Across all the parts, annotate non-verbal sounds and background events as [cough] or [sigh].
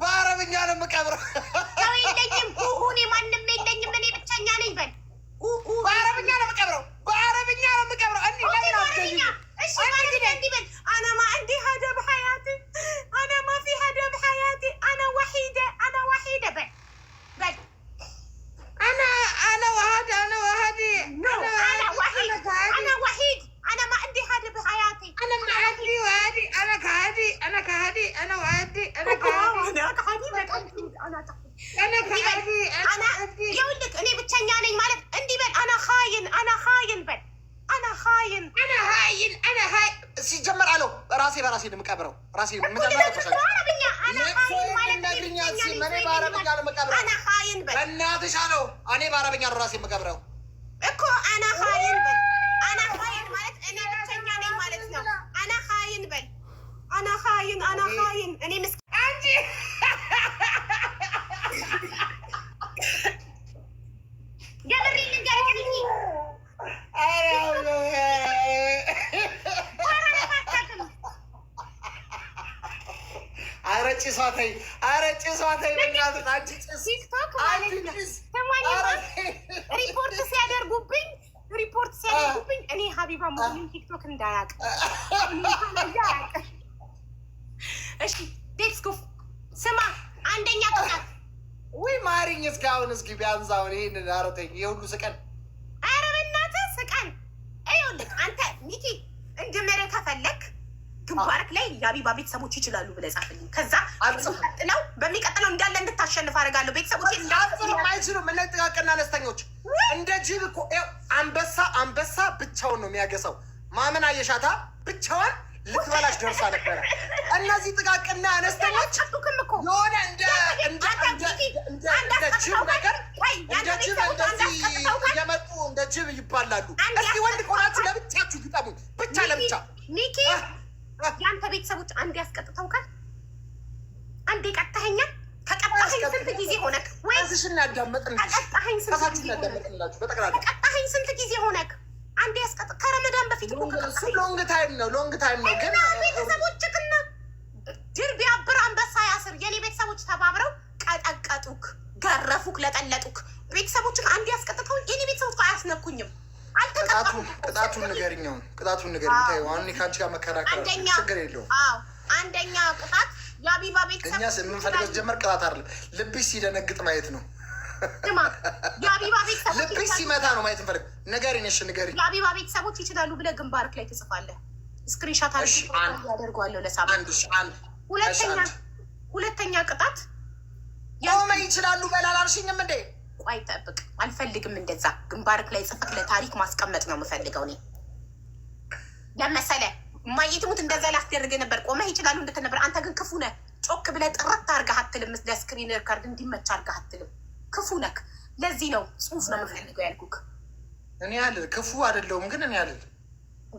በአረብኛ ነው የምቀብረው። ራሴ ነው የምቀብረው። ራሴ በእናትሽ አለው። እኔ በአረብኛ ነው ራሴ የምቀብረው እኮ አና ሀይን በል። አና ሀይን ማለት እኔ ብቸኛ ነኝ ማለት ነው። አና ሀይን በል። አና ሀይን አና ሀይን እኔ ምስ አንቺ ተይ፣ አረ ጭሷ ተይ። ሪፖርት ሲያደርጉብኝ ሪፖርት ሲያደርጉብኝ እኔ ሀቢባ መሆኑን ቲክቶክ እንዳያውቅ እሺ። ቤክስኩፍ ስማ፣ አንደኛ ቅጣት ወይ ማሪኝ። እስካሁን እስኪ ቢያንስ አሁን ይህንን አረተኝ የሁሉ ስቀን ሙባረክ ላይ የአቢባ ቤተሰቦች ይችላሉ ብለህ ጻፍልኝ። ከዛ ነው በሚቀጥለው እንዳለ እንድታሸንፍ አደርጋለሁ። ቤተሰቦች አይችሉም። እነ ጥቃቅና አነስተኞች እንደ ጅብ እኮ አንበሳ አንበሳ ብቻውን ነው የሚያገሰው። ማመን አየሻታ ብቻዋን ልትበላሽ ደርሳ ነበረ። እነዚህ ጥቃቅና አነስተኞች የሆነ እንደ ጅብ ነገር እንደ ጅብ እንደዚህ እየመጡ እንደ ጅብ ይባላሉ። እስኪ ወንድ ለብቻችሁ ብቻ ለብቻ የአንተ ቤተሰቦች አንድ ያስቀጥተውካል፣ አንድ የቀጣኸኛል። ተቀጣኸኝ ስንት ጊዜ ሆነክ? ተቀጣኸኝ ስንት ጊዜ ሆነክ? አንድ ያስቀጥ ከረመዳን በፊት ሎንግ ታይም ነው፣ ሎንግ ታይም ነው። ግን ቤተሰቦችክና ድር ቢያብር አንበሳ ያስር። የኔ ቤተሰቦች ተባብረው ቀጠቀጡክ፣ ገረፉክ፣ ለጠለጡክ። ቤተሰቦችን አንድ ያስቀጥተው የኔ ቤተሰቦች አያስነኩኝም። ቅጣቱን ንገሪኝ። ቅጣቱን ንገሪኝ። ተይው አሁን ከአንቺ ጋር መከራከር ችግር የለውም። አንደኛ ቅጣት የአቢባ ቤተሰብ እኛ የምንፈልገው ጀመር ቅጣት አይደለም፣ ልብሽ ሲደነግጥ ማየት ነው። ልብሽ ሲመታ ነው ማየት ንፈልግ። ንገሪኝ፣ እሺ ንገሪኝ። የአቢባ ቤተሰቦች ይችላሉ ብለህ ግንባርክ ላይ ትጽፋለህ። ስክሪንሻት ያደርገዋለሁ ለሳምንት። ሁለተኛ ቅጣት ቆመ ይችላሉ በላል አልሽኝም እንዴ? አይጠብቅ አልፈልግም። እንደዛ ግንባርክ ላይ ጽፈት ለታሪክ ማስቀመጥ ነው የምፈልገው። እኔ ለመሰለ ማየትሙት እንደዛ ላስደርግ ነበር። ቆመህ ይችላሉ እንድትነበር አንተ ግን ክፉ ነህ። ጮክ ብለህ ጥረት አድርገህ አትልም። ለስክሪን ሪከርድ እንዲመች አድርገህ አትልም። ክፉ ነክ ለዚህ ነው ጽሁፍ ነው የምፈልገው ያልኩህ። እኔ ያል ክፉ አይደለሁም፣ ግን እኔ ያል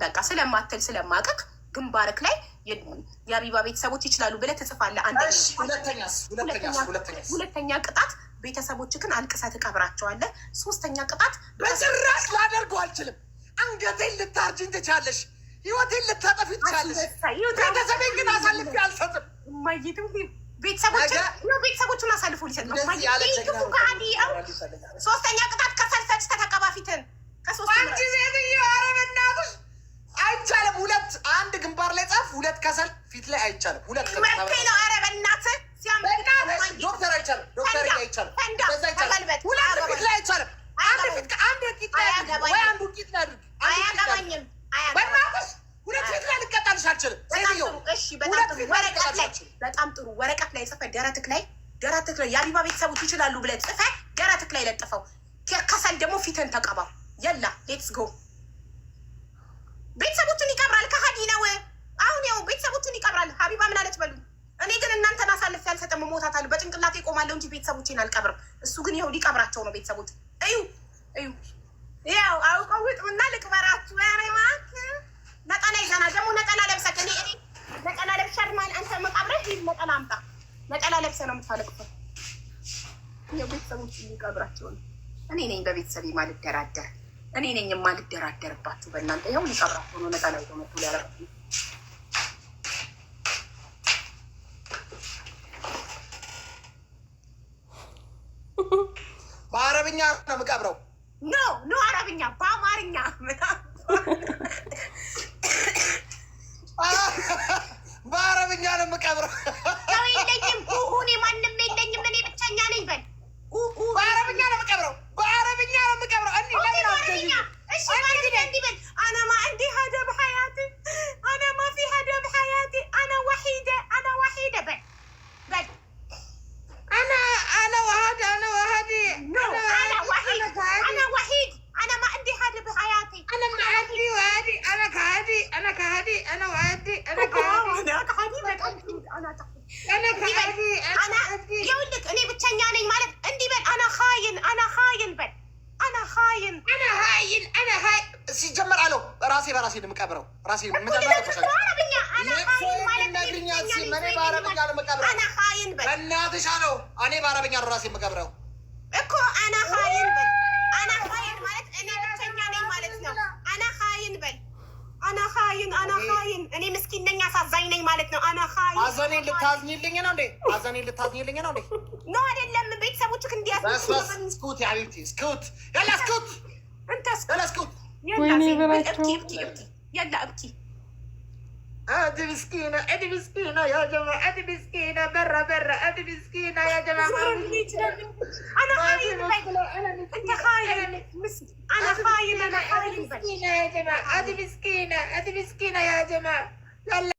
በቃ ስለማትል ስለማቀቅ ግንባርክ ላይ የአቢባ ቤተሰቦች ይችላሉ ብለህ ትጽፋለህ። አንደኛ ሁለተኛ ቅጣት ቤተሰቦችህን አልቅሰህ ትቀብራቸዋለህ። ሶስተኛ ቅጣት በጭራሽ ላደርገው አልችልም። አንገቴን ልታርጅኝ ትቻለሽ፣ ህይወቴን ልታጠፊ ትቻለሽ። ቤተሰቤን ግን አሳልፌ አልሰጥም። ቤተሰቦቹን አሳልፎ ሊሰጥ ነው። ሶስተኛ ቅጣት ከሰልሰች ተተቀባ ፊትን አንቺ ሴትዮ ኧረ በእናትሽ አይቻልም። ሁለት አንድ ግንባር ላይ ጻፍ፣ ሁለት ከሰል ፊት ላይ አይቻልም። ሁለት ነው። ኧረ በእናትህ ዶክተር አይቻልም። አይቻልም። እንደዛ አይቻልም። ሁለት ፊት ላይ አይቻልም። አንድ በጣም ጥሩ ወረቀት ላይ ጽፈህ ደረትክ ላይ ደረትክ ላይ የአቢባ ቤተሰቦች ይችላሉ ብለህ ጽፈህ ደረትክ ላይ ለጥፈው። ከሰል ደግሞ ፊትን ተቀባው። የላ ሌትስ ጎ ቤተሰቦቹን ይቀብራል ከሀዲና ወይ እቀብራለሁ እንጂ ቤተሰቦቼን አልቀብርም። እሱ ግን ይኸው ሊቀብራቸው ነው። ቤተሰቦች እዩ እዩ፣ ያው አውቀው ውጡና ልቅበራችሁ። ያሬማት ነጠላ ይዘና ደግሞ ነጠላ ለብሰት እኔ እኔ ነጠላ ለብሻ ድማል አንተ መቃብረ ይህ ነጠላ አምጣ። ነጠላ ለብሰ ነው የምታለቅፈው። ቤተሰቦች ሊቀብራቸው ነው። እኔ ነኝ በቤተሰብ ማልደራደር፣ እኔ ነኝ የማልደራደርባችሁ በእናንተ። ይኸው ሊቀብራቸው ነው። ነጠላ ይዘመቱ መቶ በአማርኛ ነው የምቀብረው። ኖ ኖ አረብኛ በአማርኛ [laughs] በአረብኛ ነው የምቀብረው። ይኸውልህ እኔ ብቸኛ ነኝ ማለት እንዲህ በል። አና ሀይን አና ሀይን በል አና ሀይን አና ሀይን አና ሀይ ሲጀመር አለው ራሴ በራሴ ነው የምቀብረው። ራሴ በአረብኛ ነው የምቀብረው። አና ሀይን በል አና ሀይን አሳዝኝ። እኔ ምስኪን ነኝ፣ አሳዛኝ ነኝ ማለት ነው። አና አዘኔ ልታዝኝልኝ ነው እንዴ? አዘኔ ልታዝኝልኝ ነው እንዴ? ኖ አይደለም። ቤተሰቦች እንዲያስስኩት ያቤት ስኩት ያላ ስኩት ያላ ስኩት ያላ እብኪ አድ ምስኪና አድ ምስኪና ያ ጀማ አድ ምስኪና በራ በራ አድ ምስኪና ያ ጀማ انا خاينه انا خاينه مسكينه يا جماعه هذه مسكينه هذه مسكينه يا جماعه